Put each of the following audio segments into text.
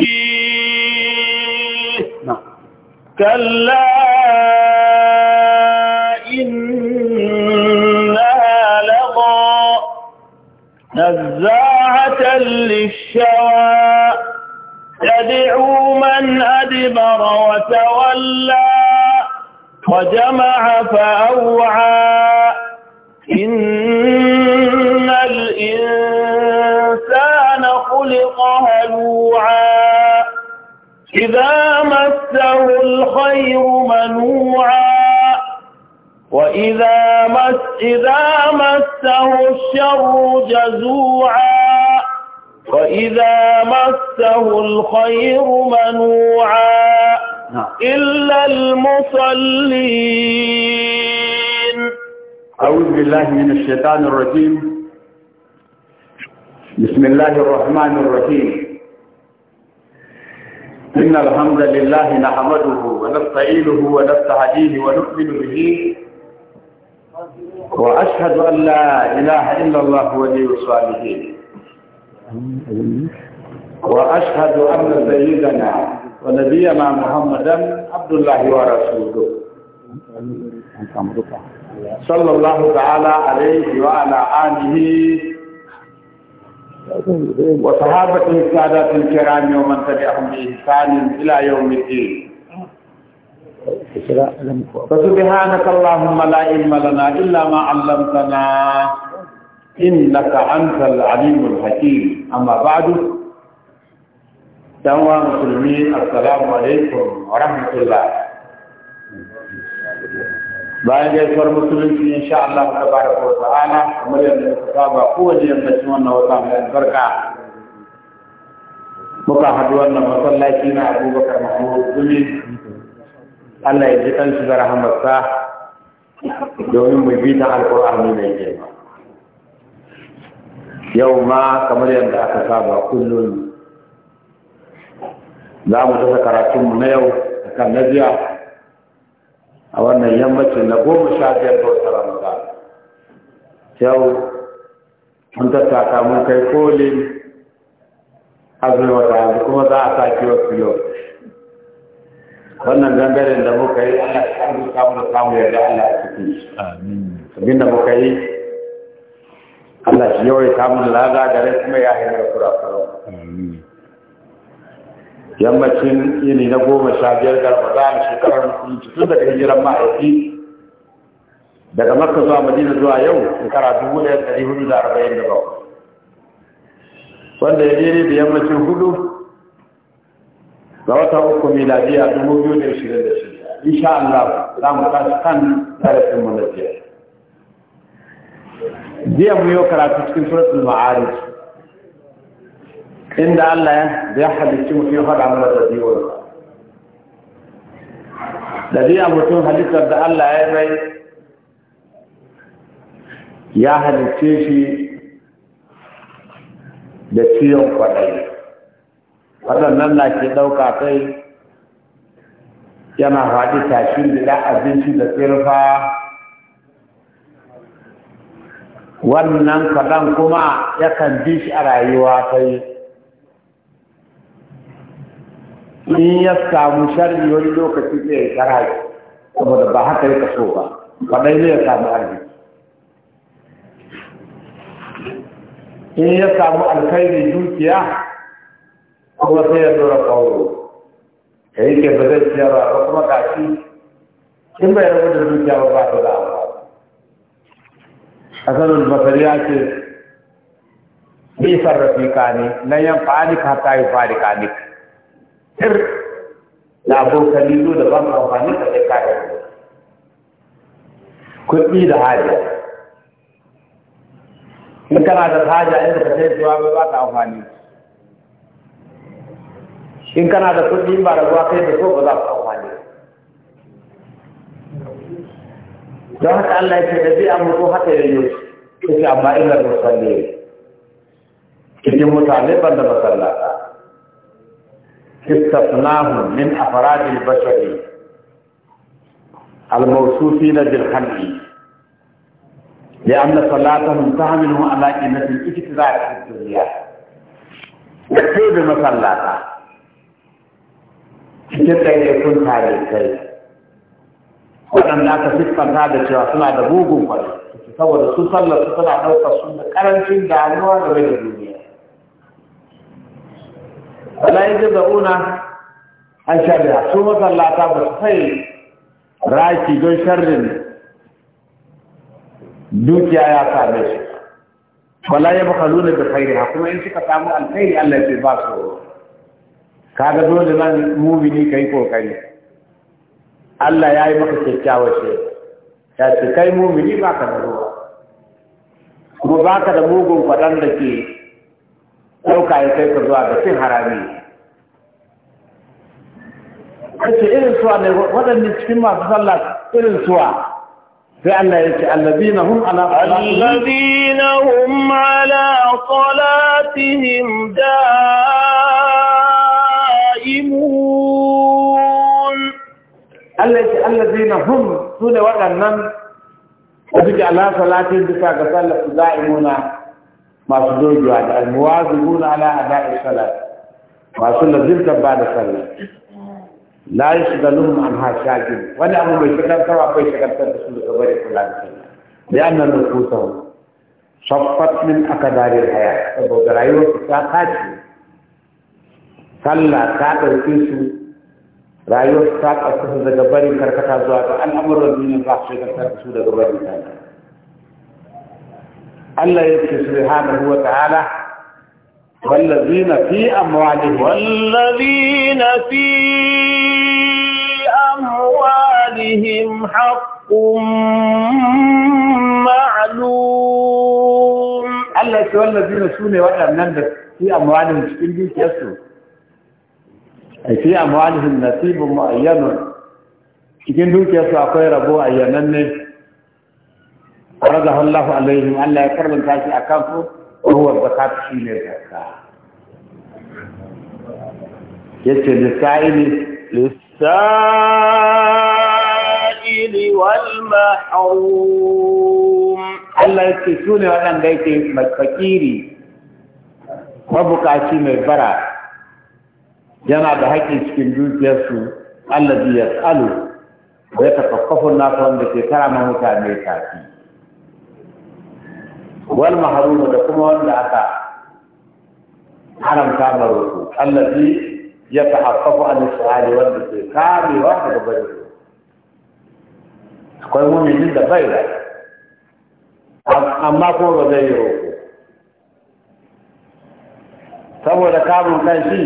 نعم. كلا إنها لغى نزاعة للشوى تدعو من أدبر وتولى وجمع فأوعى إذا مسه الخير منوعا وإذا مس إذا مسه الشر جزوعا وإذا مسه الخير منوعا نعم. إلا المصلين أعوذ بالله من الشيطان الرجيم بسم الله الرحمن الرحيم إن الحمد لله نحمده ونستعينه ونستهديه ونؤمن به وأشهد أن لا إله إلا الله ولي الصالحين وأشهد أن سيدنا ونبينا محمدا عبد الله ورسوله صلى الله تعالى عليه وعلى آله وصحابته السادات الكرام ومن تبعهم بإحسان إلى يوم الدين فسبحانك اللهم لا علم لنا إلا ما علمتنا إنك أنت العليم الحكيم أما بعد دعوة مسلمين السلام عليكم ورحمة الله bayan gaisuwar musulunci insha Allah tabaraka wa ta'ala kamar yadda muka saba ko yadda yammacin wannan wata mai albarka muka haɗu wannan masallaci na Abubakar Mahmud Gumi Allah ya ji ɗan shi rahamarsa domin mu bi ta alƙur'ani mai girma yau ma kamar yadda aka saba kullum za mu tafi karatunmu na yau akan na jiya a wannan yammacin na goma sha biyar ga wata ramadan yau mun tattaka mun kai kolin azumin wata yanzu kuma za a sake wasu yau wannan gangaren da muka yi ana samun samu ya ga Allah a cikin shi abin da muka yi Allah shi yawai samun lada gare kuma ya hanyar kura kura yammacin yini na goma sha biyar ga ramadan shekarar musulunci tun daga hijiran ma'aiki daga makka zuwa madina zuwa yau shekara dubu ɗaya ɗari hudu da arba'in da bau wanda ya daidai da yammacin hudu ga wata uku miladiya dubu biyu da ishirin da shida insha Allah za mu tashi kan tarafin mu na jiya jiya mu yi karatu cikin suratul ma'arij inda Allah ya halicci mutum ya faɗa mana ɗabi'ar ɗabi'ar mutum halittar da Allah ya mai ya halicce shi da ciwon kwaɗayi waɗannan na ke ɗauka kai yana haɗi tashin da abinci da tsirfa wannan kaɗan kuma yakan bi shi a rayuwa kai in ya samu sharri wani lokaci zai yi sarari saboda ba haka yi kaso ba kwaɗai ne ya samu arziki in ya samu alkhairi dukiya kuma sai ya zura kawo ka yi ke bazai zai ciyarwa ba kuma kashi in bai rabu da dukiya ba ba ta da hasanul basari ya ce bi sarrafi ka ne na yan fa'adika ta yi fa'adika ne tir da abokan lido da ban amfani da kai kayan kuɗi da haja in kana da haja inda ka sai zuwa ba ta amfani in kana da kuɗi ba da zuwa kai da so ba za ka amfani don haka Allah ya ce da zai amurko haka ya yi su amma ina da musalli cikin mutane ban da masallata استثناه من أفراد البشر الموصوفين بالحمد لأن صلاتهم تعمل على أن في الاجتماع في الدنيا وكيف مصلاتا كيف يجب ان يكون هذا الشيء وصلاة بوغم فلي تصور تصلى تصلى نوقف سنة كرنشين wala da una an shari'a su masallata ba su sai raki don sharrin dukiya ya same shi wala ya baka nuna da khairi kuma in suka samu alkhairi Allah ya ba su kaga dole nan mumini kai kokari Allah ya yi maka kyakkyawar shi ya ce kai mumini ba ka da ruwa kuma ba ka da mugun faɗan da ke ɗauka ya kai ka zuwa ga cin harami kace irin suwa ne waɗannan cikin masu sallah الذين هم على الذين هم على صلاتهم دائمون الذين هم سنة وقنن وبيجي على صلاتهم بساقة صلاة دائمون masu dogewa da na ala ada'i salat masu lazimta ba da sallah la yashghaluhum an hashajin wani abu mai shagaltarwa bai shagaltar da su da gaba da kula da sallah Ya annan nufusahu saffat min aka akadarin haya saboda rayuwarsu ta kace, sallah ta ɗauke su rayuwarsu ta ƙasa daga barin karkata zuwa ga al'amuran duniya ba su shagaltar da su daga barin sallah ألا يبكي سبحانه وتعالى والذين في أموالهم والذين في أموالهم حق معلوم الله يقول والذين سوني منندك في أموالهم شكل يسو أي في أموالهم نسيب معين شكل يسو أقوي ربو أيانني ورده الله عليهم ألا يكرم تاسي أكافه وهو الزكاة في الزكاة يتي للسائل للسائل والمحروم ألا يتسون وأنا بيتي مكفكيري mabukaci mai bara جمع بحكي haƙƙi cikin يسو الذي يسأله ويتفقف الناس عندك كرمه nasa wanda wal mahrum da kuma wanda aka haramta ma roƙo allazi ya tahaffafu an su'ali wanda ke kamewa daga barin akwai muminin da bai da amma ko ba zai yi roƙo saboda kamun kan shi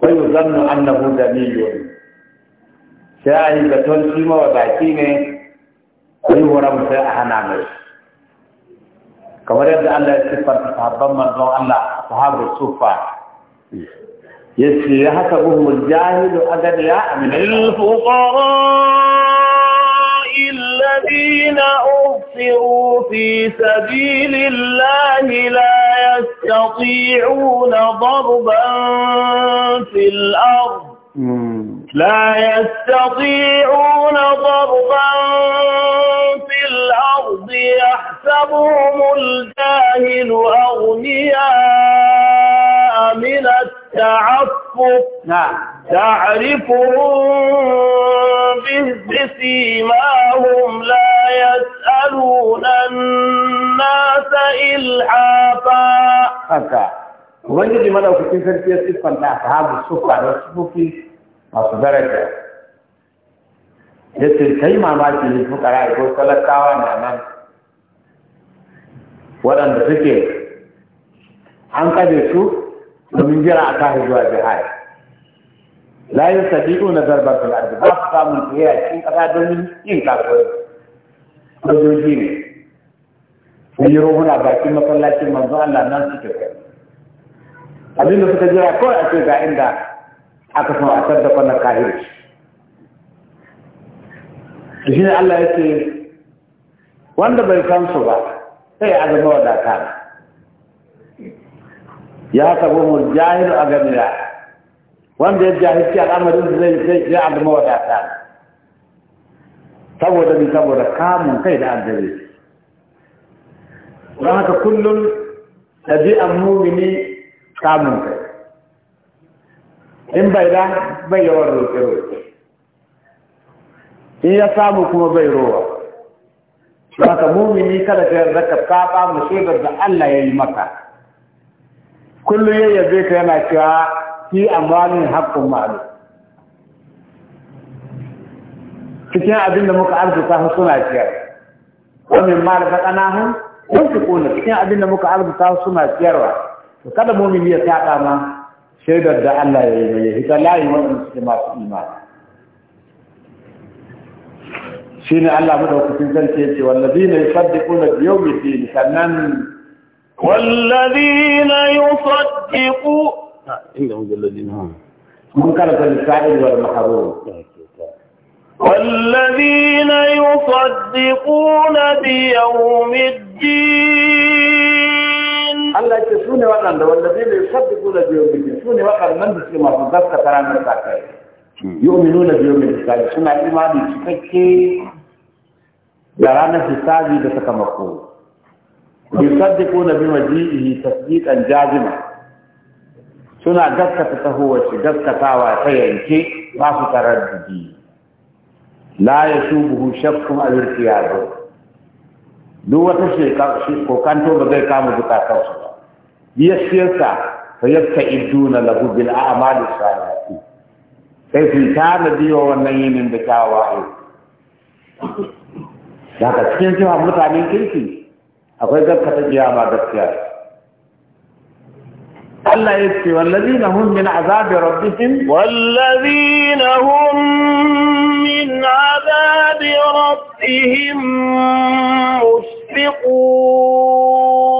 kai wai zannu annahu dalilun sai a yi zaton shi mawa baki ne wai wurin sai a hana mai kamar yadda Allah ya siffar siffanta sahabban manzon Allah sahabu sufa yace ya haka buhumul jahilu agadiya amin lil fuqara alladhina usiru fi sabilillahi la yastati'una darban fil ard لا يستطيعون ضربا في الأرض يحسبهم الجاهل أغنياء من التعفف نعم تعرفهم بسيماهم لا يسألون الناس إلحافا وين ubangiji madaukakin sarki ya siffanta ashabu sufa da sufofi masu daraja ya ce kai mamaki ne kara ko talakawa na nan waɗanda suke an kaje su domin jira a tashi zuwa jihar layin yi sadiƙo na zarbar filardi ba su samun tsaye a cikin ƙasa domin yin kasuwanci sojoji ne sun yi ruhuna bakin masallacin manzo Allah nan suke kai abinda suka jira kawai a ce ga inda aka kuma a saddafa na kahirci da shi ne Allah ya ce wanda bai san su ba sai a zama wadata ya haka mu jahilu a gamira wanda ya jahilci al'amarin zai zai a zama wadata saboda ni saboda kamun kai da addare don haka kullum an mumini kamun kai in bai da bai yawan roƙe-roƙe in ya samu kuma bai rowa saka mumini kada ka yarda ka saba musibar da Allah ya yi maka kullum ya yabe ka yana cewa fi amwalin haƙƙun malu cikin abin da muka arzuta su suna ciyar wani ma da faɗanahu kun su kuna cikin abin da muka arzuta su suna ciyarwa to kada mumini ya saba ma shaidar da Allah ya yi mai hita layi waɗanda suke masu imani shi ne Allah madaukakin sarki ya ce wallazi ne yusaddiquna bi yawmi din sannan والذين يصدقوا عندهم الذين هم منكر السائل والمحروم والذين يصدقون بيوم الدين Allah ya ce su ne waɗanda wallafi ne sabbi kula biyo miki su ne waɗannan da suke masu ta ranar yau mai nuna biyo miki kai suna imani cikakke da ranar hisabi da sakamako yusaddiqu na bi maji'ihi tasdiqan jazima suna gaskata tahowar shi gaskatawa ta yanke ba su tarar taraddudi la buhu shakkun al-irtiyadu duk wata shekaru shekanto ba zai kama zukatansu yasiyarsa fa yasta iduna lahu bil a'mali salihati sai su tana biyo wannan yinin da tawaye daga cikin cewa mutanen kirki akwai gaskata kiyama gaskiya Allah ya ce wallazina hum min azabi rabbihim wallazina hum min azabi rabbihim mushfiqun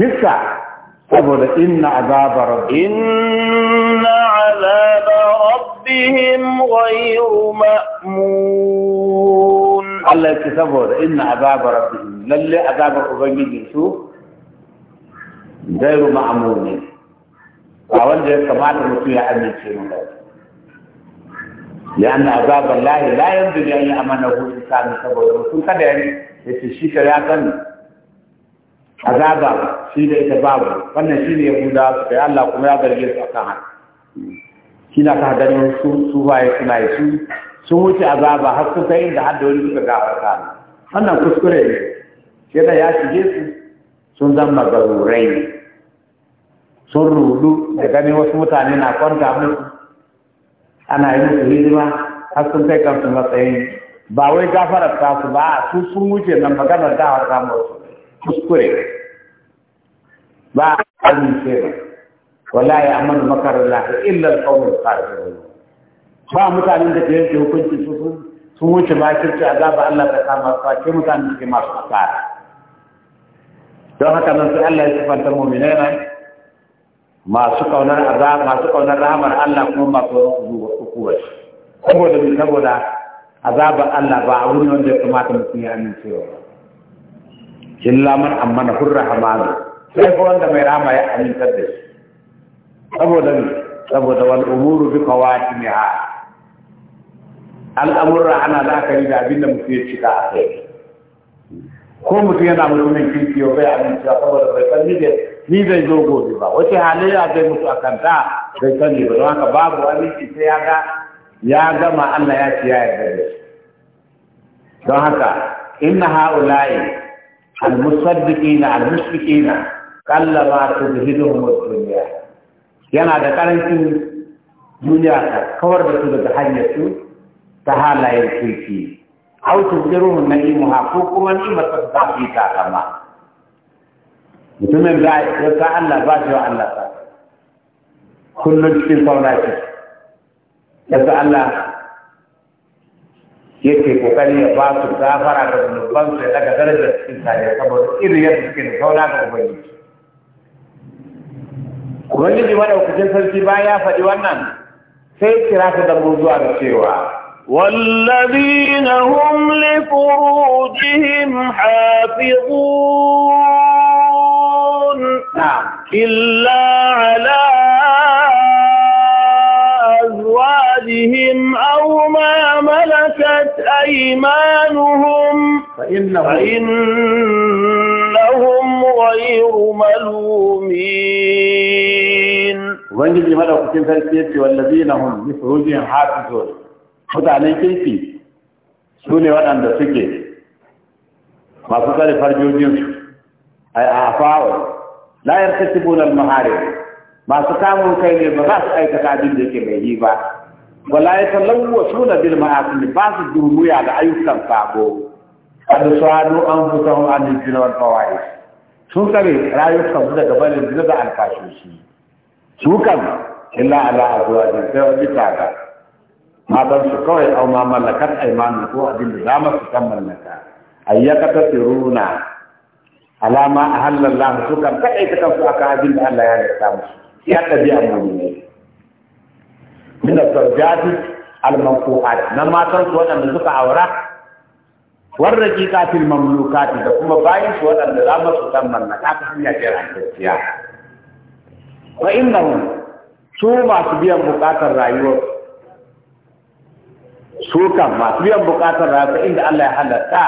إن عذاب ربهم إن عذاب ربهم غير مأمون الله يكتب إن عذاب ربهم للي عذاب ربهم يسوف غير مأمون أول جاء سماعة المسيح أن يكفر لأن عذاب الله لا ينبغي أن يأمنه الإنسان سبب الرسول كذلك يسشيك يعني، يا تنمي azaba shi da ita babu wannan shi ne yahuda su kai Allah kuma ya zarge su kan haka shi na ka ganin su su baye suna yi su sun wuce azaba har sun kai inda har da wani suka gafarta wannan kuskure ne shi da ya shige su sun zama garurai sun rudu da ganin wasu mutane na kwanta musu ana yi musu hidima har sun kai kansu matsayin ba wai gafarar ta su ba su sun wuce nan maganar gafarta har kuskure ba a amince shirin wala ya amanu makarar lafi illar kaunar kafirun ba mutanen da ke yanke hukunci su sun wuce makirci azaba Allah ta kama su ake mutanen da ke masu asara don haka nan sai Allah ya sifanta mu'minai nan masu kaunar azab masu kaunar rahamar Allah kuma masu hukuwa saboda saboda azabar Allah ba a wuri wanda ya kamata mutum ya wa ba illa man amana hurra hamadu sai ko wanda mai rama ya amintar da shi saboda ne saboda wal umuru bi qawatimiha al'amurra ana la'akari da abin da mutum ya cika a kai ko mutum yana mutumin kirki yau bai amincewa saboda bai san ni ni zai zo gobe ba wace ya zai mutu a ta bai sani ba don haka babu aminci sai ya ga ya gama Allah ya ci ya yarda da shi don haka inna ha'ula'i al-musaddiqina al-mushrikina kallama tudhiluhum ad-dunya yana da karancin duniya ta kawar da su daga hanyar su ta halayen kirki aw tudhiruhum na'imuha ko kuma ni'mat ta fi ta kama mutumin da ya ka Allah ba shi wa Allah kullum cikin sauna ce ya Allah yake kokari ya ba su gafara da zunuban su ya daga darajar cikin tare saboda irin yadda suke da kauna ga ubangiji ubangiji madaukakin sarki ba ya faɗi wannan sai kira da dambu zuwa da cewa والذين هم لفروجهم حافظون إلا على أزواجهم أو ما ملكت أيمانهم فإنهم, فإنهم غير ملومين وانجل لماذا قتل فالكيف والذين هم لفروجهم حافظون خذ عليه كيفي سوني وانا سكي ما فكر فرجوجهم أي أعفاوه لا يرتكبون المحارم masu kamun kai ne ba za su aikata abin da yake mai yi ba wala ya talawa suna bil ma'asim ba su durmuya da ayyukan sabo kada su hadu an fusa hun an jina wal fawai sun kare rayukan su daga barin jina da alfashoshi su kan illa ala azwa da sai ga. ma ban su kawai au ma malakat aimanu ko abin da zama su kan mallaka ayyaka ta siruna alama a hallallahu su kan kaɗaita kansu aka abin da Allah ya ta musu ya tabi amma ne min al-zawjati al-manquat nan waɗanda suka aura warraqiqatil mamlukati da kuma bayin su waɗanda za mu su san mallaka ta hanya jirantacciya wa innahum su masu biyan bukatar rayuwar su masu biyan bukatar rayuwar inda Allah ya halarta,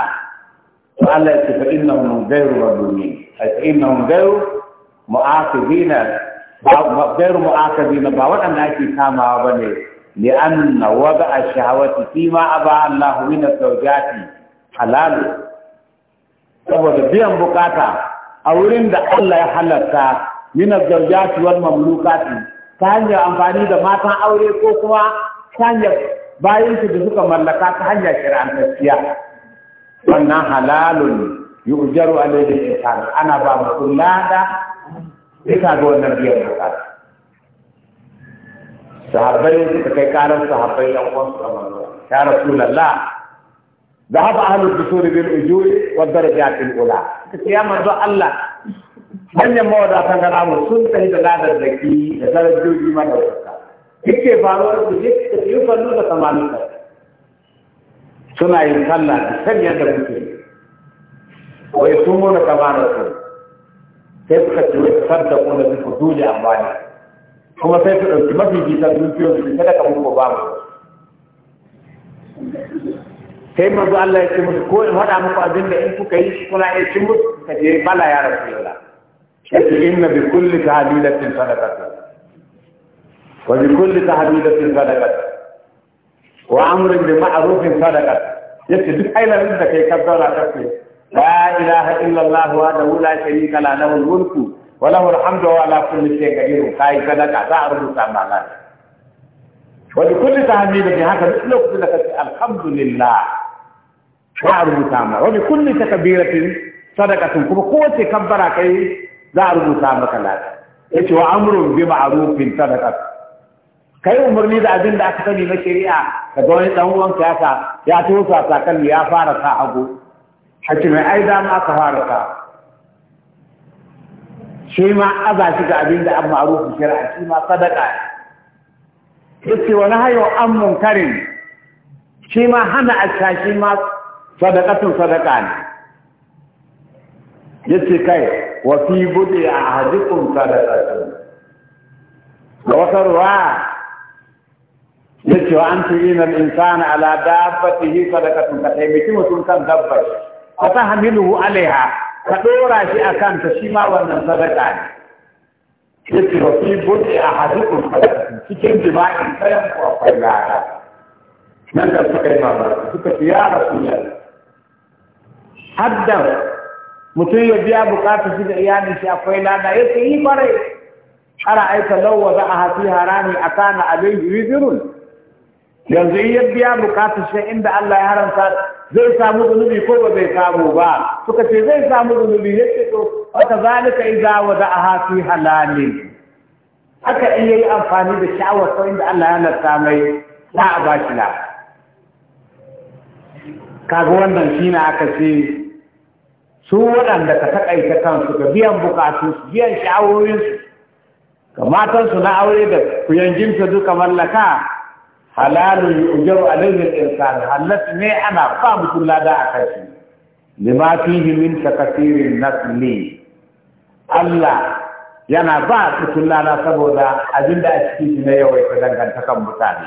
to Allah ya ce fa innahum ghayru madumin fa innahum ghayru mu'aqibina ba gairu mu'akabi ba waɗanda ake kamawa ba ne li anna wada ash-shahawati fi ma aba Allahu min az-zawjati halal saboda biyan buƙata a wurin da Allah ya halarta min az-zawjati wal mamlukati ta hanyar amfani da matan aure ko kuma ta hanyar bayan su da suka mallaka ta hanyar shari'antacciya wannan halalun yu'jaru alayhi ana ba mutum lada duka ga wannan biyan bukata sahabbai suka kai karar sahabbai yan uwansu a manzo ya rasulullah ذهب أهل الدخول بالأجور والدرجات الأولى يا manzo Allah. Hanya mawadatan kan amur sun tafi da ladar da ki da darajoji mana wata yake faruwa da je da yi fannu da samanin ka suna yin sallah da san yadda muke wai sun sai suka ce wai sadda kuna bi ku dole amwani kuma sai su ɗauki mafi bisa dukiyoyin su sadaka muku ba mu sai manzo Allah ya ce musu ko in faɗa muku abin da in kuka yi kuna iya cin musu suka ce bala ya rasulullah sai su inna bi kulli tahlilatin sadaqatu wa bi kulli tahlilatin sadaqatu wa amrin bi ma'rufin sadaqatu yace duk ailarin da kai ka zauna ka ce لا إله إلا الله وحده لا شريك له له الملك وله الحمد وعلى كل شيء قدير كاي صدقة تعرض سامعنا ولكل تحميد بهذا لك الحمد لله تعرض سامعنا ولكل تكبيرة صدقة كما قوة كبرة كي تعرض سامعنا yace wa amrun bi ma'rufin sadaqat kai umarni da abin da aka sani na shari'a ka ga wani dan uwanka ya ta ya tosa sakalli ya fara sa hagu hakimai ai dama aka fara ka shi ma aza shi ga abin da an ma'arufu shari'a shi ma sadaka yace wani hayo an munkarin shi ma hana a shi ma sadakatun sadaka ne yace kai wa fi budi ahadikum sadaqatun da wata ruwa yace wa an tu'ina al-insana ala dabbatihi sadaqatun ka taimaki mutum kan dabbar fa hu alaiha ka dora shi a kanta shi ma wannan sadaka ne ce wa fi bude a hadukun cikin jima'i sayan ku akwai lada nan da suka yi mamaki suka fi yara su yi haddan mutum ya biya bukatar shi da iyalin shi akwai lada yake yi bare ara aika lawa za a hafi harami a kana abin rizirun yanzu in ya biya bukatar shi inda Allah ya haramta zai samu zunubi ko ba zai samu ba suka ce zai samu zunubi ya ce to haka zalika idza wada aha fi halali haka in yayi amfani da sha'awar sa inda Allah ya nasta mai za a ba shi kaga wannan shine aka ce su waɗanda ka takaita kansu ga biyan bukatu biyan sha'awoyinsu ga matansu na aure da kuyan jinsa duka mallaka حلال يؤجر عليه الإنسان هل نعمة قام كل هذا لما فيه من كثير النسل الله يعني بعد كل هذا سبب أجل أشكي من يوي فدان كان تكم بتاني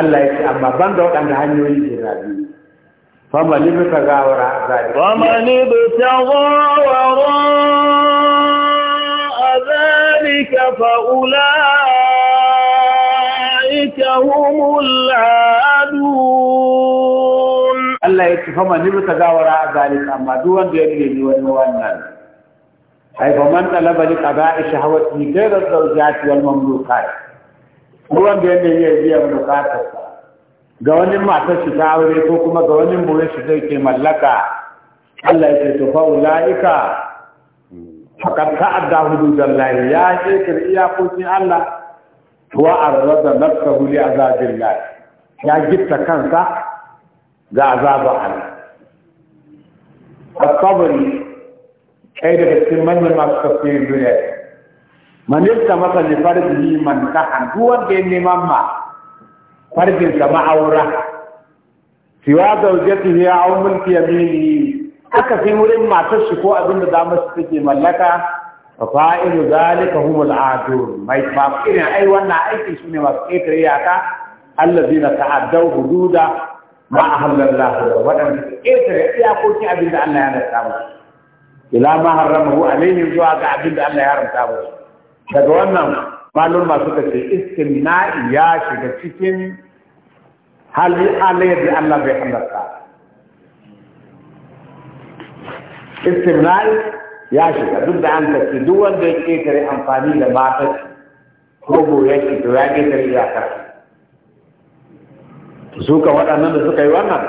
الله يسي أما بندو كان هنوي جرابي فما لبت غاورا فما لبت غاورا ذلك فأولئك أولئك العادون الله يتفهم نبت داورا ذلك أما دون بيبليني ونوانا أي فمن طلب لقضاء شهوته غير الزوجات والمملوكات da ya biya bukatarsa ga wani matar shi ta aure ko kuma ga wani mure shi zai ke mallaka Allah ya ce to fa ulaika faqad ta'adda hududallahi ya ce wa arrada nafsahu li azabillah ya gitta kansa ga azaba Allah al kai daga cikin manyan masu tafsirin duniya man yadda masa li farjihi man tahan duk wanda ya neman ma farjin sa ma'aura siwa zaujatihi aw mulki yaminihi aka fi wurin matar shi ko abinda da masu take mallaka فقائل ذلك هم العادون ما يتفاقين أي وانا أي اسم وقيت رياتا الذين تعدوا حدودا مع أهل الله وانا كيف رياتي أقول كي أبدا أن لا يرمتابوا إلا ما هرمه عليهم جوا أبدا أن لا يرمتابوا تدوانا ما لون ما سكت استمناء ياشي كتشين هل يقالي دي الله بيحمد الله استمناء ya shiga duk da an tafi duk wanda ya ƙetare amfani da matar ko ya ce to ya ƙetare su ka waɗannan da suka yi wannan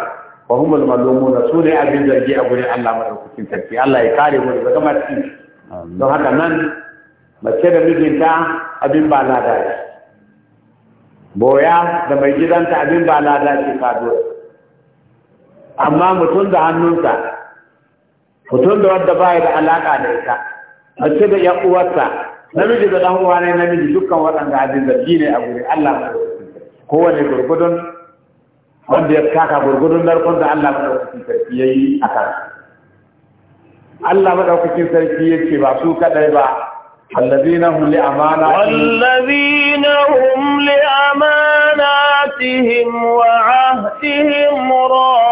fa humul na su ne abin zargi a gurin Allah madaukakin sarki Allah ya kare mu daga mati don haka nan mace da mijinta abin ba lada ce boya da mai gidanta abin ba lada ce kado amma mutum da hannunsa hoton da wadda baya da alaka da ita mace da yan uwarsa namiji da dan uwa ne namiji dukkan waɗanda abin zargi ne a guri Allah kowane gurgudun wanda ya kaka gurgudun narkon da Allah madaukakin sarki yi a kan Allah madaukakin sarki ya ce ba su kadai ba الذين هم لأماناتهم والذين هم لأماناتهم وعهدهم راعون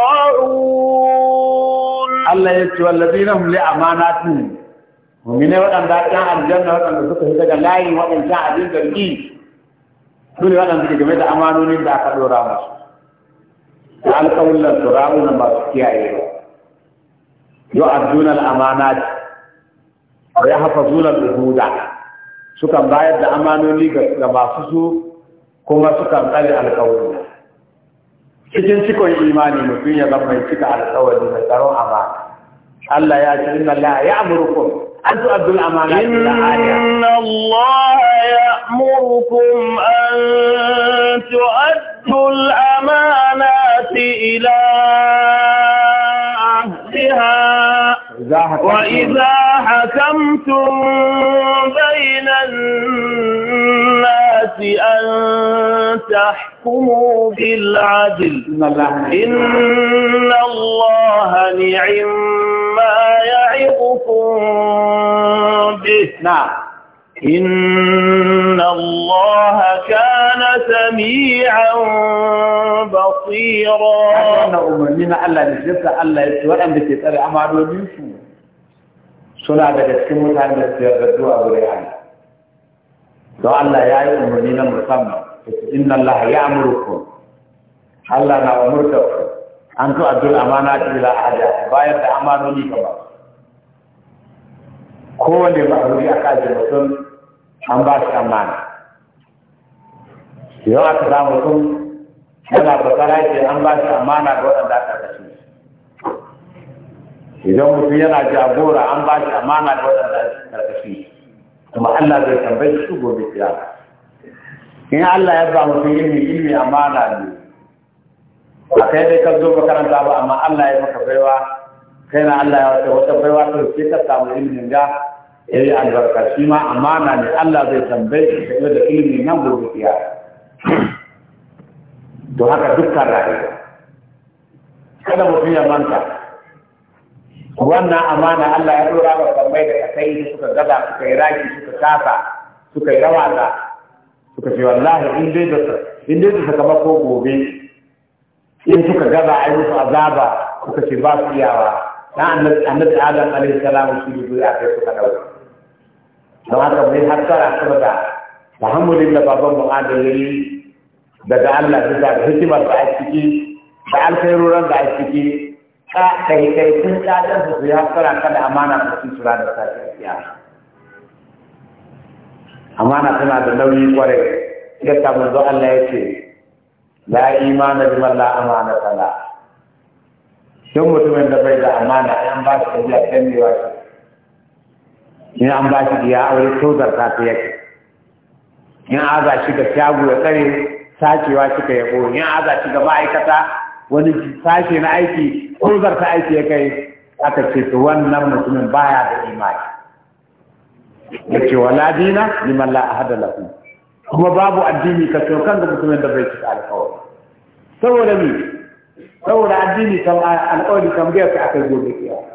Allah ya ce wallazina hum li amanatihim mu'mine waɗanda ta aljanna waɗanda suka shiga daga layin waɗanda abin gargi su ne waɗanda suke game da amanonin da aka ɗora musu da alƙawullan su ramuna masu kiyayewa yu'adduna al-amanat wa yahfazuna al-uhuda sukan bayar da amanoni ga masu su kuma sukan tsare alƙawullan cikin cikon imani mutum ya zama mai cika alƙawari mai tsaron amana الله يا إن الله يأمركم أن تؤدوا الأمانة إلى إن الله يأمركم أن تؤدوا الأمانات إلى أهلها وإذا حكمتم بين الناس أن تحكموا بالعدل إن الله نعم, نعم ما يعظكم به نعم إن الله كان سميعا بصيرا أنا أمنين ألا نجد ألا يتوقع أن تتأري أمار وليسو صلاة جسكم تعالى سيردوا أبو ريان دو ألا يا أمنين المصمم إن الله يأمركم ألا نأمركم an to abdul amana ta ila hada bayar da amanoni ga ba a ruri aka ajiye mutum an ba shi amana yau aka samu mutum yana bakara ce an ba shi amana ga waɗanda aka kashe idan mutum yana jagora an ba shi amana ga waɗanda aka kashe kuma Allah zai tambayi su gobe kiyama in Allah ya ba mutum ilimi ilimi amana ne a kai dai ka zo makaranta ba amma Allah ya maka baiwa kai na Allah ya wata wata baiwa ta rufe ka samu ilimin ga ya yi albarka shi ma amana ne Allah zai tambaye ka game da ilimin nan gobe iya to haka dukkan rayuwa kada mutum ya manta wannan amana Allah ya dora wa tambaye da kai da suka gada suka yi raki suka kasa suka yi rawata suka ce wallahi in dai da ko gobe in suka gaza a yi musu azaba kuka ce ba su iyawa na annabi adam alaihi salam su yi a kai suka dauka don haka mai kuma saboda muhammadin da baban mu adam ya yi daga Allah bisa da hikimar da a ciki da alkhairoran da a ciki ka kai kai sun tsadan su su hattara kada amana su su da sashi kiyama amana tana da nauyi kwarai yadda zo Allah ya ce la imana bi man la amana tala don mutumin da bai da amana an ba shi tafiya kan ne wa an ba shi ya aure tozar ta ta yake in aza shi ga shago ya tsare sacewa shi ka yabo in aza shi ga ma'aikata wani sashe na aiki tozar ta aiki ya kai aka ce to wannan mutumin baya da imani yace wala dina liman la ahada lahu kuma babu addini ka ce kan da mutumin da bai cika alƙawari saboda ni saboda addini kan alƙawari kan bai ka akai gobe kiyama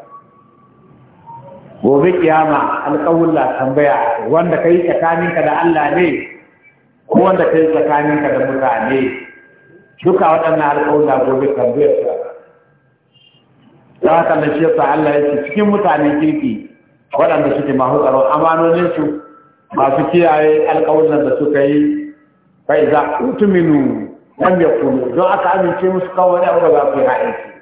gobe kiyama la tambaya wanda kai tsakaninka da Allah ne ko wanda kai tsakaninka da mutane duka waɗannan alƙawulla gobe tambaya su da ka na shi yasa Allah ya ce cikin mutane kirki waɗanda suke mahu tsaron amanoninsu masu kiyaye alƙawunan da suka yi fa iza utuminu lam yakunu don aka amince musu kawai da ba za su yi ha'inci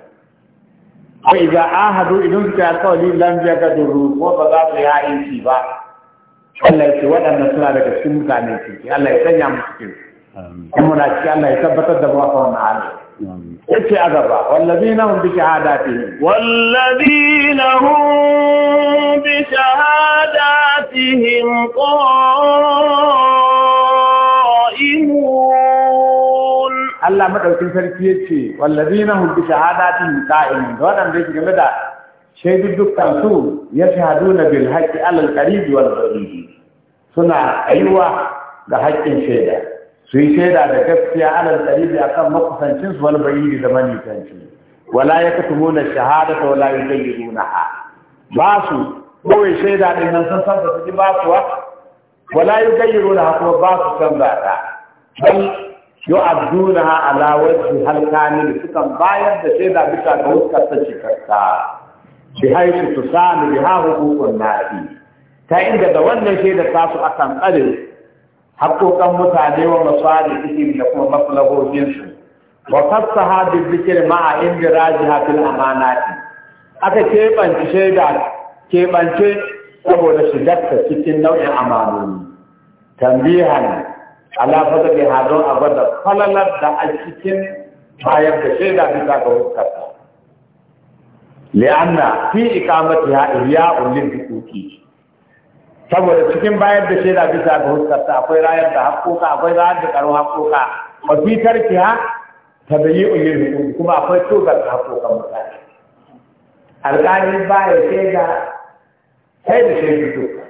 fa iza ahadu idan suka yi alƙawari lam yakaduru ko ba za su yi ha'inci ba Allah ya ce waɗannan suna daga cikin mutane ciki Allah ya sanya musu cikin in muna ciki Allah ya tabbatar da mu akan wannan hali yace a gaba wallazina hum bi shahadatihim wallazina hum bi shahadatihim صلاتهم قائمون الله مدوكين سركي يتي والذين هم بشهاداتهم قائمون وانا بيت game da shaidukan su yashhaduna bil haqqi alal qarib wal ba'id suna aiwa ga haƙƙin shaida su yi shaida da gaskiya alal qarib akan makusancin su wal ba'id da manitanci wala yaktumuna shahadata wala yuzayyirunaha ba su kowai shaida ɗin nan sun san da su ji basuwa wala yi gayyaro da hakuwa ba su san ba ta don yi abduna ha alawar su halkani da sukan bayar da shaida bisa ga wuskar ta karta. bi haisu su sami bi ha hukukun nafi ta inda da wannan shaida ta su akan tsare haƙoƙan mutane wa masuwa da kuma maslahohinsu وفصها بالذكر مع اندراجها في الامانات aka keɓance shaida keɓance saboda shigarta cikin nau'in amanoni tambihan da ke hadon abada falalar da a cikin bayar da shaida bisa ga hukarta li'anna fi iqamatiha iya ulin huquqi saboda cikin bayar da shaida bisa ga hukarta akwai rayar da haƙoƙa akwai rayar da karo mafi wa ha ta bayi ulin huquqi kuma akwai tsogar haƙoƙan mutane alƙali ba ya shaida kai da shi fito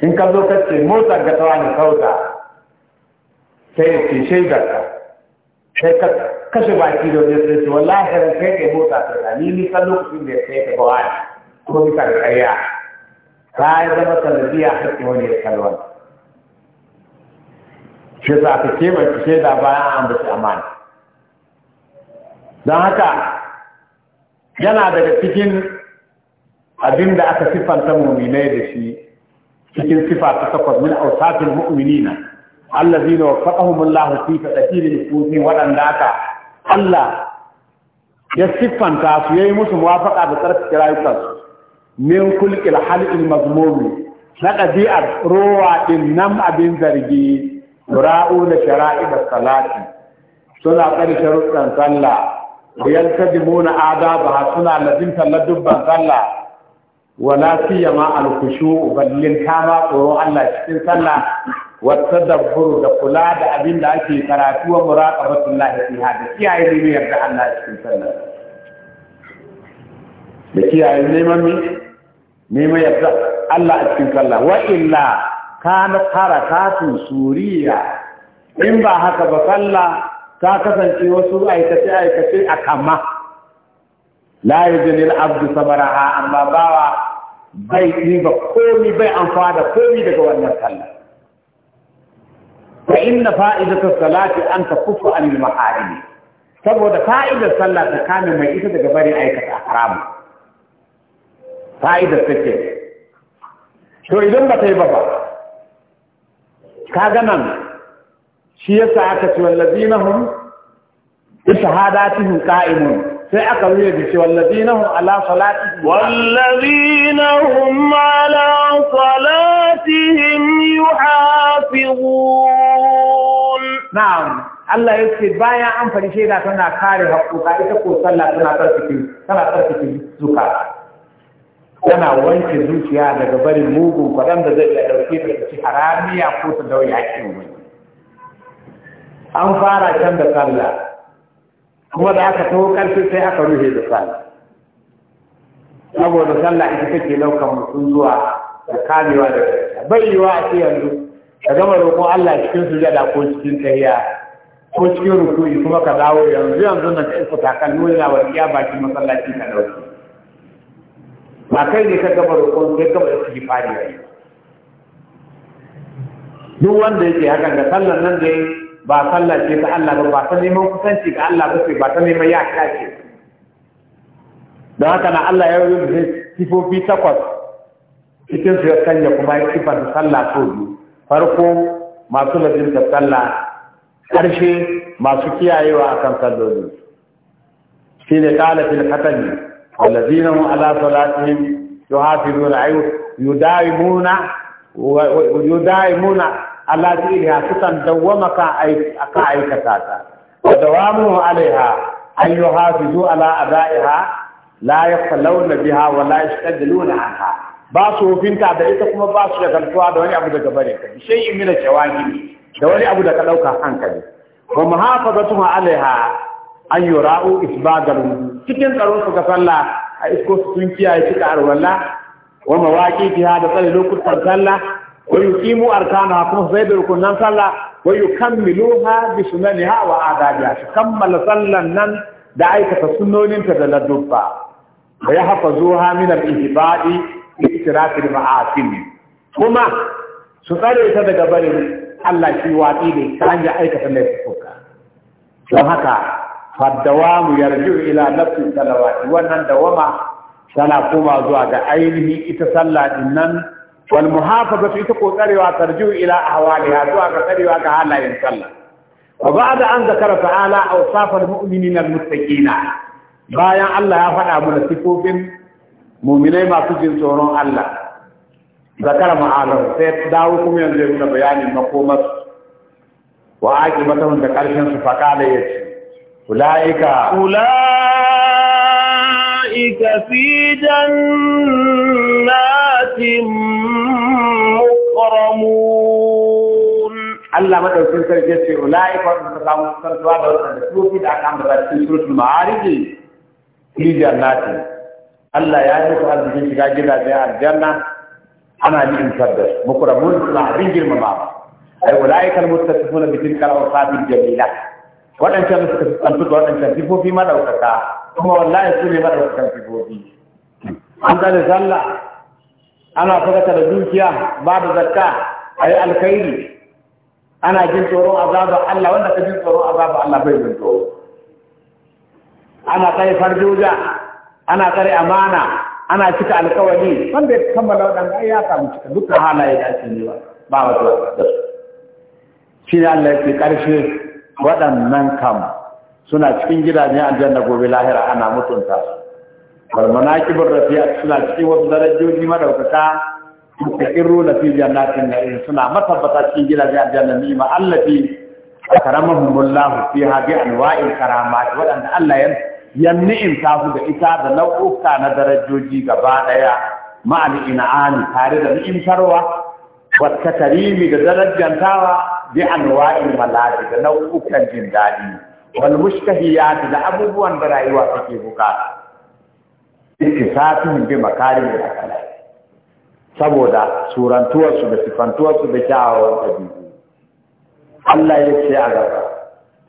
in ka zo ka ce motar ga tawa ne kauta sai ya ce shaidar ka sai ka kashe baki da wajen sai ce wallahi ran kai ke mota ta da ni nisan lokacin da ya kai ka bawa ne ko bisa da ƙarya ta yi zama sanadiyya hakkin wani ya kalwar shi za ka kemanta da bayan an ambaci amana don haka yana daga cikin abin da aka siffanta mu'minai da shi cikin sifa ta takwas min awsatil mu'minina allazina waffaqahum Allah fi tadbiril qulubi waɗanda aka Allah ya siffanta su yayi musu muwafaqa da tsarkake rayukansu min kulqil halil mazmum na ɗabi'ar rowa ɗin nan abin zargi ra'u da shara'i da salati suna ƙari sharuɗan sallah da yanka dimuna adaba suna lazimtar ladubban sallah wala siyama al-khushu ballin kama tsoro Allah cikin sallah wa tadabbur da kula da abin da ake karatu wa muraqabatullahi fiha da kiyaye ne yarda Allah cikin sallah da kiyaye neman mi neman yarda Allah a cikin sallah wa illa kana harakatu suriya in ba haka ba sallah ta kasance wasu aikace aikace a kama la yajnil abdu sabaraha amma bawa bai riba komi bai amfana komi daga wannan sallah fa inna fa'idatu salati an takuffu anil maharim saboda fa'idar sallah ta kame mai ita daga bari aikata haramu fa'idar take to idan ba ta yi ba ba kaga nan shi yasa aka ce wallazina hum bi shahadatihim qa'imun sai aka wuce da shi wallazina ala salatihim wallazina ala salatihim yuhafizun na'am Allah ya ce bayan an shaida tana kare haƙoƙa ita ko sallah tana tsarkake tana tsarkake zuka tana wanke zuciya daga barin mugun kwadan da zai ɗauke da ci haramiya ko ta dauya haƙƙin wani an fara can da sallah kuma da aka taho karfi sai aka rufe da sani saboda sallah ita take laukan mutum zuwa da kamewa da bai yiwa a ce yanzu ka gama roƙon Allah cikin sujada ko cikin tahiya ko cikin rukuni kuma ka dawo yanzu yanzu na ka isa takalmi na wa iya bakin masallaci ka dauki ba kai ne ka gama roƙon sai gama istighfari duk wanda yake hakan da sallan nan da yake ba sallah ce ta Allah ba ba ta neman kusanci ga Allah ba ce ba ta neman ya kace don haka na Allah ya yi da sifofi takwas cikin su ya sanya kuma ya kifa da sallah so biyu farko masu lazimta sallah ƙarshe masu kiyayewa akan salloli shi ne ƙala fil fatani wallazina hum ala salatihim yuhafizuna ayu yudawimuna yudawimuna ala diniha sukan dawwama kan akan aikata ta wa dawamu alaiha an yuhafizu ala adaiha la yakhlawna biha wa la nuna anha ba su hufinta da ita kuma ba su shagaltuwa da wani abu daga bare ka shay'in min al-jawani da wani abu daga da ka dauka hankali wa muhafazatuha alaiha an yura'u isbagalu cikin tsaron su ga sallah a isko su sun kiyaye cika arwala wa mawaqifiha da tsare lokutan sallah wa yuqimu arkana kuma sai da rukunan sallah wa yukammiluha hawa a wa adabiha su kammala sallan nan da aikata sunnoninta da ladubba wa yahfazuha min al-ihbadi li itiraf al-ma'asim kuma su tsare ta daga barin Allah shi watsi ne ta hanyar aikata laifuka don haka faddawamu mu ila nafsi salawati wannan dawama tana koma zuwa ga ainihin ita sallah din nan والمحافظه تقوى ترجو الى احوالها تقوى كهالها ان شاء الله وبعد ان ذكر تعالى اوصاف المؤمنين المتقين بايع الله فدا من صفوف مؤمنين ما تجن صورون الله ذكر معالم سيد داوكم ينزلون بيان مقومات وعاقبتهم تكالشن فقال يجي اولئك اولئك في جنات kalamuun Allah ma ɗauki ni kare keken walahi k'a da suka da aka hana da ta su su mahali Allah ya ce ka hali biyansu ka gina biyana a na yi insha'bɛsu, mu karamun abin girmama ba, ayiwu walahi kalamu ta suna da shi karamar fatin jamila, waɗancan su ka tuka fofi ma kuma wallahi suna ma ta kuka ta mu tafi ana sadaka da dukiya babu zakka a yi alkhairi ana jin tsoron azabar Allah wanda ka jin tsoron azabar Allah bai jin tsoro ana kai farjoja ana tsare amana ana cika alkawari wanda ya kammala waɗanda ya samu cika dukkan halaye da ake yi ba zuwa da su shi ne Allah yake ƙarshe waɗannan kam suna cikin gidajen aljanna gobe lahira ana mutunta su wal manaqibur rafi'a suna cikin wasu darajoji madaukaka suka irru na fi jannatin na'im suna matabbata cikin gidajen aljanna ni ma allati karamahumullahu fiha bi anwa'il karamat waɗanda Allah ya yanni'in ta su da ita da nau'uka na darajoji gaba daya ma'al in'ami tare da ni'imtarwa wa takarimi da darajantawa bi anwa'il maladi da nau'ukan jin dadi wal mushkahiyat da abubuwan da rayuwa take bukata اتفاقهم بمكارم الأخلاق سبودا سوران توس بسفان توس بجاو الله يكشي أغفا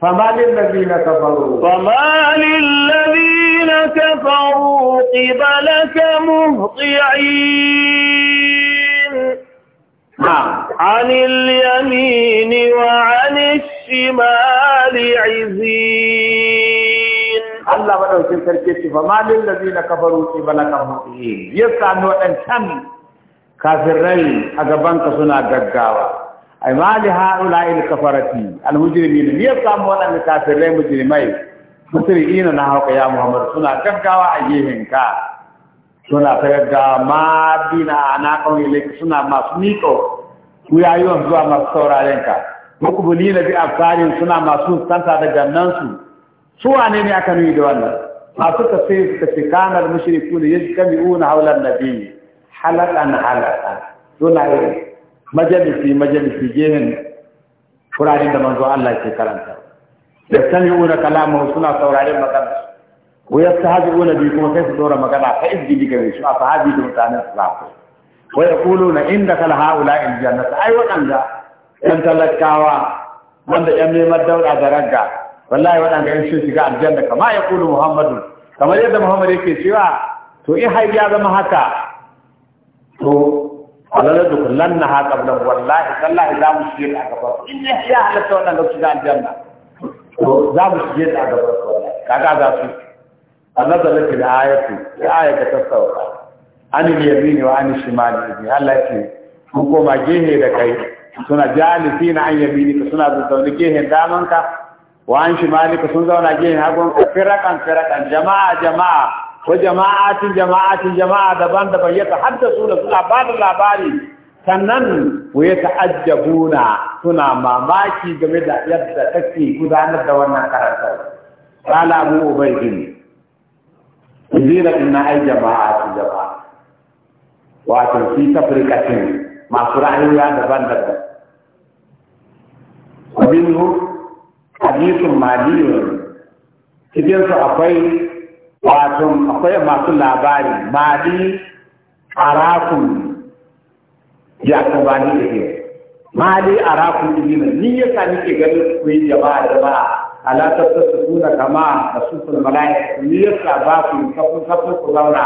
فما للذين كفروا فما للذين كفروا قبلك مهطعين عن اليمين وعن الشمال عزين Allah maɗaukin sarki ce fa malil ladina kafaru fi balaka mutiin ya sami waɗancan kafirai a gaban ka suna gaggawa ai mali haula il kafarati al mujrimin ya sami waɗannan kafirai mujrimai ina na hauka ya Muhammad suna gaggawa a gehen ka suna ta gaggawa ma dina na kauni lek suna masu miko ku yayi zuwa masu sauraren ka mukubulina bi afkarin suna masu santa daga nan su su wane ne aka nuni da wannan masu tafsir suka ce kanar mushriku ne yajtami'una hawla an-nabi halaqan halaqan suna yi majalisi majalisi gehen furanin da manzo Allah ke karanta yastami'una kalamahu suna sauraren magana wa yastahzi'una bi kuma sai su dora magana fa izgidi gare su a sahabi da mutanen sahabi wa yaquluna indaka la ha'ula'il jannatu ai waɗanda yan talakawa wanda yan neman daura da ragga wallahi waɗanda yan shi shiga aljanna kama ya kulu muhammadu kamar yadda muhammad yake cewa to in har ya zama haka to alala kullum na haka bulan wallahi sallahi za mu shige a gaba in ya ya halatta waɗanda su ga aljanna to za mu shige da gaba kaga za su ke da ayatu ya ayata sauka an yamini wa an shimali Allah ce kun koma gehe da kai suna jalisi na an yamini suna zaune gehen damanka wa shi malika sun zauna gehen hagun firakan firakan jama'a jama'a ko jama'atin jama'atin jama'a daban-daban ya haddasu da suna ba da labari sannan nan ya ta'ajjabuna suna mamaki game da yadda take gudanar da wannan karantar qala abu ubaydin zira inna ay jama'atin jama'a wato fi tafrikatin masu ra'ayoyi daban-daban hadisin maliyu cikin su akwai wato akwai masu labari mali arakun ya kuma ni da ke mali arakun ilimin ni ya sa nike ganin su yi jama'a jama'a su tattasuna kama da rasulul malaika ni ya sa ba su kafin kafin ku zauna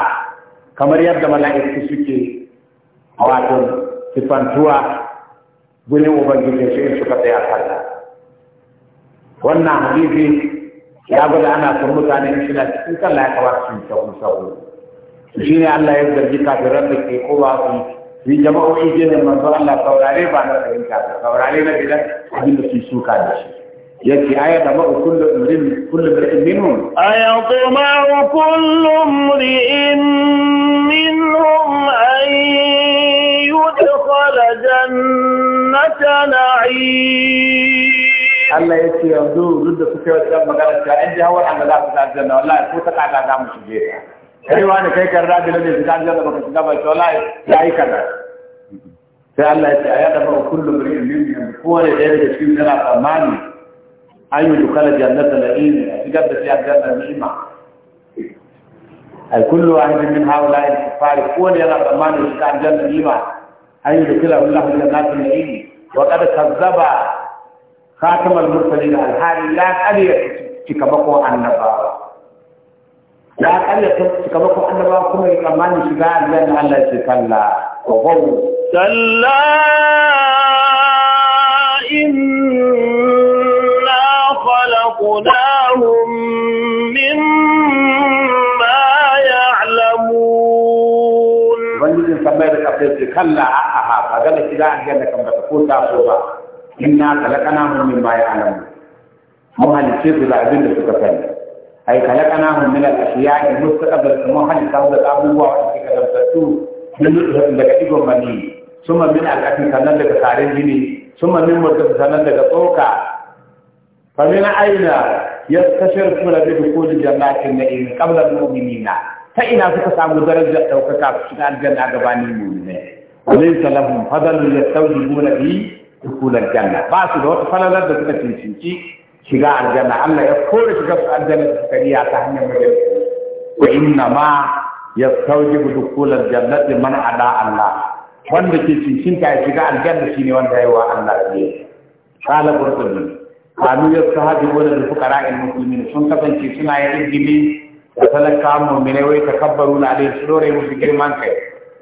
kamar yadda mala'iku suke wato sifantuwa gurin ubangiji su in suka tsaya sallah wannan hadisi ya gwada ana son mutane suna cikin sallah ya kawar su sahu sahu shi ne Allah ya zargi kafiran da ke kowa su yi jama'o'i jinin manzo Allah saurare ba na fahimta ba saurare na gidan abin da su suka da shi يكي آية طمع كل امرئ كل امرئ منهم أيطمع كل امرئ منهم أن يدخل جنة نعيم Allah ya ce yanzu duk da suka yi wasu magana cewa in ji hawan Allah za su ta aljanna wallahi ko ta kaka za mu shige ta kai wani kai kan rabi ne su ta aljanna baka shiga ba cewa wallahi ya yi kaza sai Allah ya ce a dafa wa kullum ri'in min kowane ɗaya daga cikin yana tsammani an yi dukkanin jannata la'ini a shigar da shi aljanna ni'ima ai kullu wahidin min haula'il kuffari kowane yana tsammani shi ta aljanna ni'ima an yi dukkanin Allah jannatin la'ini wa kada kazzaba خاتم المرسلين الهادي لا أدري في عن النبا لا أدري في عن النبا كم يكمل شجار من الله سكلا وهو كلا إنا خلقناهم مما يعلمون. من يجي يسمى كلا أها هذا اللي تجاه جنة كم بتقول inna khalaqnahum min ma ya'lamun mu halice su da abin da suka sani ai khalaqnahum min al-ashiya'i mustaqbal mu halice su da abubuwa wanda suka dabbattu min nutfatin daga digon mani suma min al-afi sannan daga karin jini suma min mutfatin sannan daga tsoka fa min aina yastashrifuna bi dukhul jannatin na'im qabla al-mu'minina ta ina suka samu darajar ɗaukaka su shiga aljanna gabanin mu'minai وليس لهم فضل يستوجبون به dukulan janna ba su da wata falalar da suka cincinci shiga aljanna Allah ya kore shiga su aljanna da kariya ta hanyar wajen wa inna ma yastawjibu janna da man ada Allah wanda ke cincin ta shiga aljanna shine wanda ya yi wa Allah ne kala qurtubi kanu da lil in muslimin sun kasance suna yin izgili da talaka mu'minai wai takabbaruna alaihi sura musu girman kai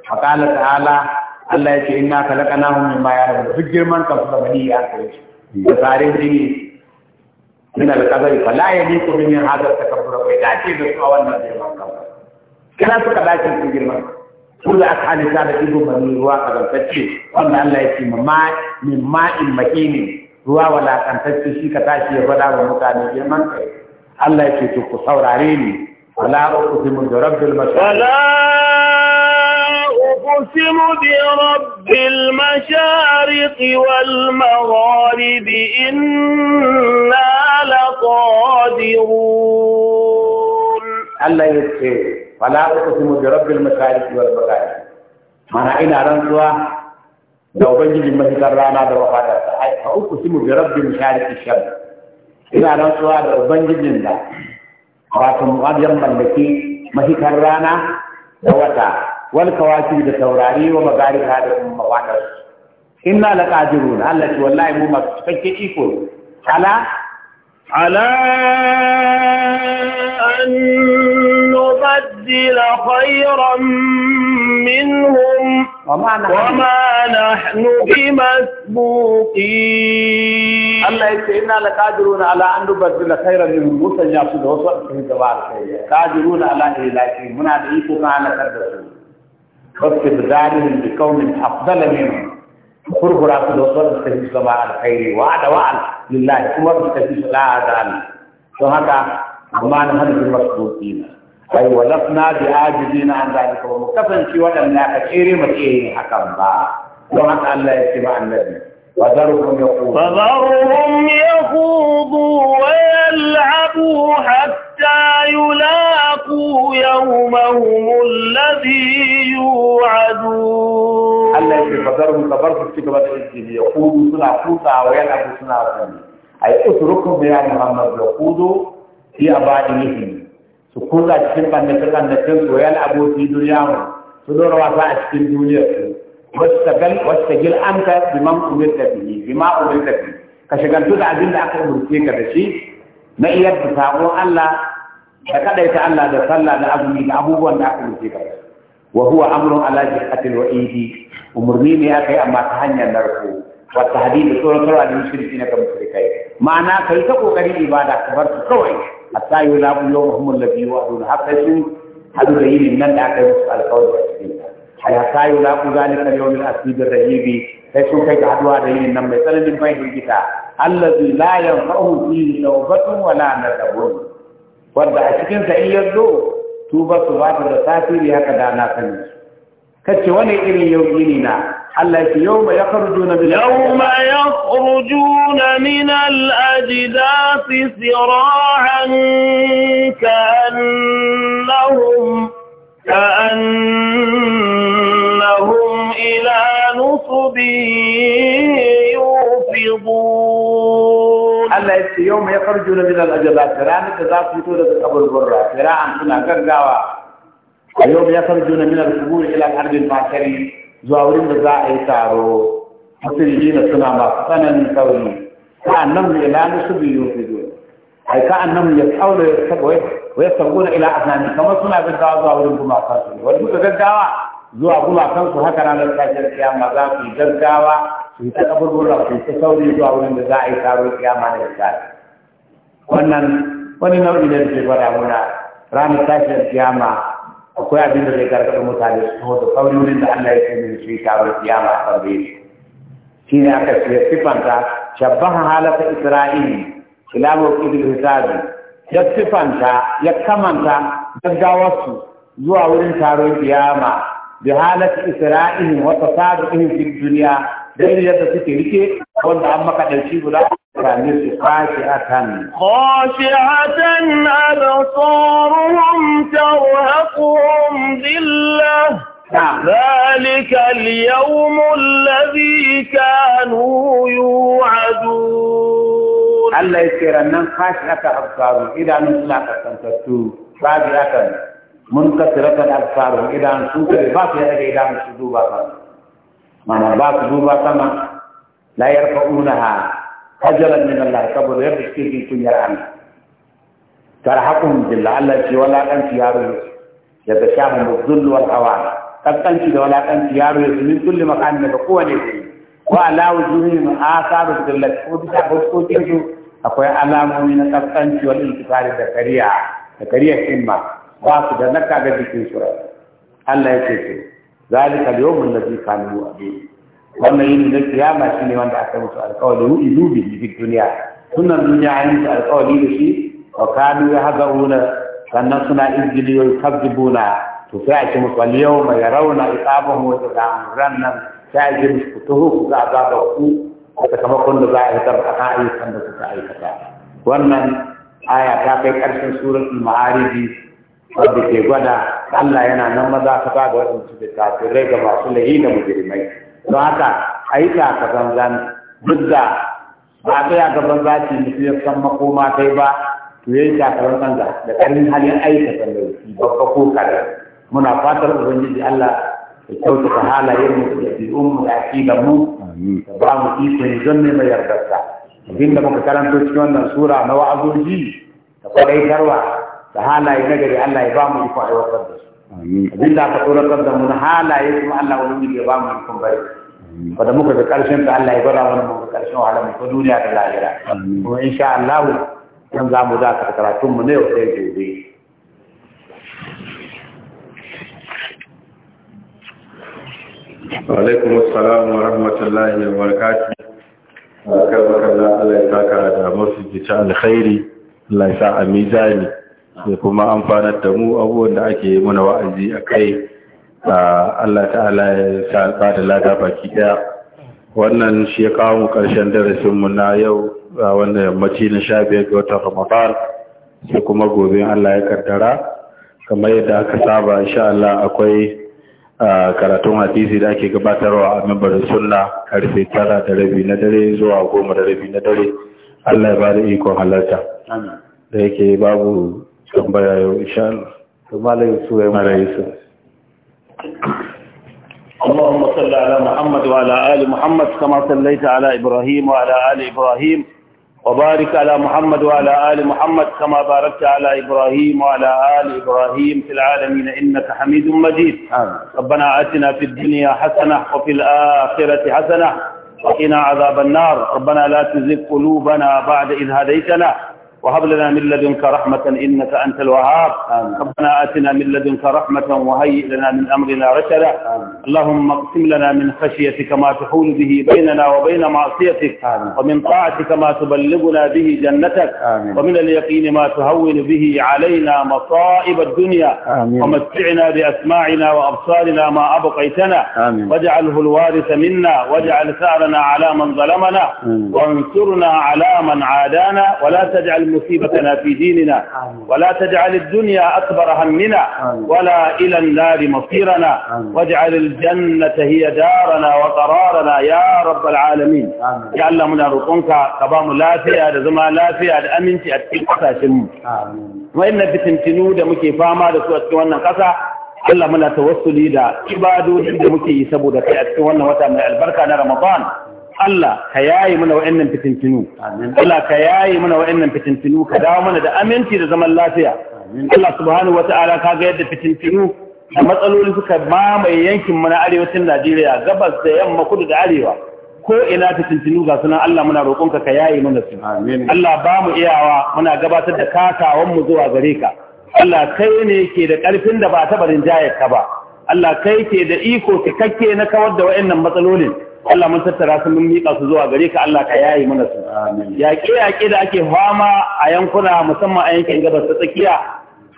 فقال ta'ala. Allah ya ce inna khalaqnahum rabu da duk girman kan su bani ya kai da tsarin jini min al-qadari fala yaliqu bi min hadha takabbur bai ce da su a wannan girman kan kana suka dace su girman kullu akhali ta da ibu bani ruwa a kazantacce wanda Allah ya ce ma min ma'in makini ruwa wala kantacce shi ka tashi ya fada wa mutane girman kai Allah ya ce to ku saurare ni wala uqsimu bi rabbil mashariq أقسم برب المشارق والمغارب إنا لقادرون ألا يتخي فلا أقسم برب المشارق والمغارب ما نعين عرم سوا لو بجي بمهي ترانا دروحا أقسم برب المشارق الشرق. إن عرم سوا لو بجي بمهي ترانا دروحا فاتم غد يمبن لكي مهي والكواكب التوراري ومغارب هذا المواكب إنا لقادرون الله والله مو مكتفك على على أن نبدل خيرا منهم وما نحن, وما نحن بمسبوقين الله يقول إنا لقادرون على أن نبدل خيرا منهم موسى جاء في دوسر في قادرون على إلاكي منا بإيكو كان واكتب ذلك بكون أفضل منه قرب راتب وصول الخليج الخير وعد وعد لله لا فهذا أي ولفنا عن ذلك ومكتفن في حكم با الله النبي فذرهم يخوضوا ويلعبوا حتى يلاقوا يومهم الذي يوعدون الله يقول فذرهم تبرك في كبات الإسلام يخوضوا سنة فوتا ويلعبوا سنة فوتا أي أتركوا يا محمد يخوضوا في أبادلهم سكوزا تشمبا نتقن نتقن ويلعبوا في دنياهم سنور وفاء في الدنيا wastagal wastajil anta bima umirta bihi bima umirta bihi ka shagaltu da abin da aka umurce ka da shi na iya da sabon Allah da kadaita Allah da sallah da azumi da abubuwan da aka umurce ka shi wa huwa amrun ala jihatil wa'idi umurni ne aka yi amma ta hanyar narko wa tahdid da sauran sauran da mushriki na kan mushrikai ma'ana kai ta kokarin ibada ka bar su kawai hatta yulabu yawmahum alladhi yu'adun hatta su hadu da yin nan da aka yi musu alƙawari a cikin حياتي ولا ذلك اليوم الأسيب الرهيب فيكون كي تعدوا عليه إنما مثلا من فيه الجتاع الذي لا ينفعه فيه نوبة ولا ندب وردع سكن سعي يدو توبة صفات الرساسي لها كدا ناسم كتش وني إلي يومينينا الله يوم يخرجون من يوم يخرجون الأجداث سراعا كأنهم كأن به يوفضون الله يسي يوم يخرجون من الأجلات فرانة ذات يتولى قبل برا كران كنا كرقاوا يوم يخرجون من القبور إلى الأرض المعشري زاورين بزاعي تارو مسلمين سنة مصنع من كوني كأنهم إلى نسب يوفضون أي كأنهم يتحول ويتحول إلى أثنان كما سنة بالدعوة زاورين بما قاتل والبقى قد zuwa gumakansu haka ranar tashar kiyama za su yi gaggawa su yi ta kaburbura su ta sauri zuwa wurin da za a yi taron kiyama da misali wannan wani nau'i ne da ke gwada muna ranar tashar kiyama akwai abin da zai gargaɗa mutane su taho da sauri wurin da Allah ya ce min su yi taron kiyama a tambaye su shi ne aka ce sifanta shabbaha halata isra'ili kilamu kudin hisabi ya sifanta ya kamanta gaggawarsu zuwa wurin taron kiyama بحالة إسرائهم وتصادقهم في الدنيا دين يد سكريك وانت عمك دلشي لا فانيس خاشعة خاشعة أبصارهم ترهقهم ذلة نعم. ذلك اليوم الذي كانوا يوعدون الله يسير أن خاشعة أبصارهم إذا نسلاك أنت تتوب خاشعة mun kasiratan absaru idan su kare ba su daga idan su duba sama mana ba su duba sama la yarfa'unaha hajalan min Allah kabur yadda suke jin kunyar Allah tarhaqum billah Allah ce wala kan yaro ya da shamun dhull wal hawa kaskanci da wala kan yaro ya min kulli makani daga kowane ko ala wujuhihim asaru dhillat ko bisa hukuncin su akwai alamomi na kaskanci wal intifari da kariya da kariyar himma ba su da naka ga jikin su Allah ya ce zalika al-yawm allazi kanu yu'adun wannan yini na kiyama shine wanda aka musu alƙawari hu idu bi fi duniya sunan duniya an yi alƙawari da shi wa kanu yahzabuna sannan suna injili wa yukadzibuna to sai a ce musu al-yawma yarawna iqabahum wa tadamran nan sai a ce musu kutuhu ku ga azaba ku sakamakon da za a hitar a ayyukan da suka aikata wannan aya ta kai ƙarshen suratul ma'ariji wanda ke gwada Allah yana nan maza ka ba ga waɗansu da tafirai ga masu lahi da mujirmai don haka a yi taka banzan duk da ba a tsaya gaban zaci mutum ya san makoma kai ba to ya yi taka banzan da ƙarfin halin aikata lauki babba ko kare muna fatar ubangiji Allah ya kyautata halayen mu da ɗabi'un mu da aƙidar mu ba mu ikon don ne mai yardarsa abinda muka karanto cikin wannan sura na wa'azoji da kwarai tarwa da halaye na gari Allah ya ba mu ikon aiwatar da su abin da aka tsoratar da mu na halaye kuma Allah wani ya ba mu ikon bari wanda muka ga karshen ta Allah ya gwada mana mu ga karshen wahala mu ko duniya da lahira kuma insha Allah dan za mu za ka karatun mu ne yau sai gobe alaikum assalam wa rahmatullahi wa barakatuh barkar barkar Allah ya saka da mafi gicin alkhairi Allah ya sa a mizani da kuma amfanar da mu abubuwan da ake muna wa'azi a kai Allah ta'ala ya ba da lada baki daya wannan shi ya kawo mu darasin mu na yau a wannan yammaci na sha biyar ga watan ramadan sai kuma gobe Allah ya kaddara kamar yadda aka saba insha Allah akwai karatun hadisi da ake gabatarwa a membarin sunna karfe tara da rabi na dare zuwa goma da rabi na dare Allah ya ba da ikon halarta da yake babu اللهم صل على محمد وعلى آل محمد كما صليت على إبراهيم وعلى آل إبراهيم وبارك على محمد وعلى آل محمد كما باركت على إبراهيم وعلى آل إبراهيم في العالمين إنك حميد مجيد ربنا آتنا في الدنيا حسنة وفي الآخرة حسنة وقنا عذاب النار ربنا لا تزغ قلوبنا بعد إذ هديتنا وهب لنا من لدنك رحمة إنك أنت الوهاب ربنا آتنا من لدنك رحمة وهيئ لنا من أمرنا رشدا اللهم اقسم لنا من خشيتك ما تحول به بيننا وبين معصيتك ومن طاعتك ما تبلغنا به جنتك ومن اليقين ما تهون به علينا مصائب الدنيا ومتعنا بأسماعنا وأبصارنا ما أبقيتنا واجعله الوارث منا واجعل ثأرنا على من ظلمنا وانصرنا على من عادانا ولا تجعل تجعل مصيبتنا في ديننا ولا تجعل الدنيا أكبر همنا ولا إلى النار مصيرنا واجعل الجنة هي دارنا وقرارنا يا رب العالمين يا الله من أرقونك قبام لا فيها لزما لا فيها لأمنتي أتكلم شمو وإن بتنتنو دمكي فاما دسوة كوانا قصة Allah muna tawassuli da ibadodi da muke yi saboda kai a cikin wannan wata mai albarka na Ramadan Allah ka yaye mana wa'annan fitintinu Allah ka yaye mana wa'annan fitintinu ka dawo mana da aminci da zaman lafiya Allah subhanahu wata'ala ka ga yadda fitintinu da matsaloli suka mamaye yankin mu na arewacin Najeriya gabas da yamma kudu da arewa ko ina fitintinu ga sunan Allah muna roƙonka ka yaye mana su Allah ba mu iyawa muna gabatar da kakawanmu zuwa gare ka Allah kai ne ke da ƙarfin da ba ta barin jayar ka ba Allah kai ke da iko cikakke na kawar da wa'annan matsalolin Allah mun tattara su mun miƙa su zuwa gare ka Allah ka yayi mana su yaƙe yaƙe da ake fama a yankuna musamman a yankin gabas ta tsakiya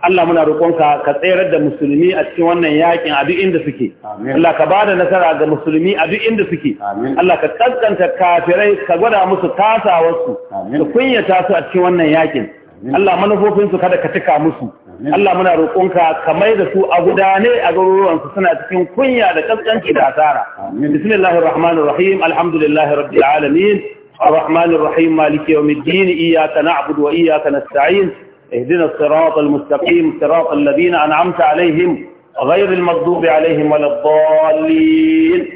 Allah muna roƙonka ka tsayar da musulmi a cikin wannan yaƙin a duk inda suke Allah ka bada nasara ga musulmi a duk inda suke Allah ka kaskanta kafirai ka gwada musu tasawarsu. ka kunyata su a cikin wannan yaƙin. Allah manufofinsu kada ka tuka musu Allah muna roƙonka ka mai da su a gudane a garuruwan su suna cikin kunya da kaskanci da asara bismillahir rahmanir rahim alhamdulillahi rabbil alamin arrahmanir rahim maliki yawmiddin iyyaka na'budu wa iyyaka nasta'in ihdinas siratal mustaqim siratal ladina an'amta 'alayhim, ghayril maghdubi 'alayhim waladdallin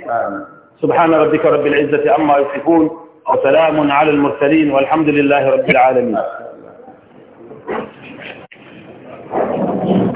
سبحان ربك رب العزة amma يصفون وسلام على المرسلين والحمد لله رب العالمين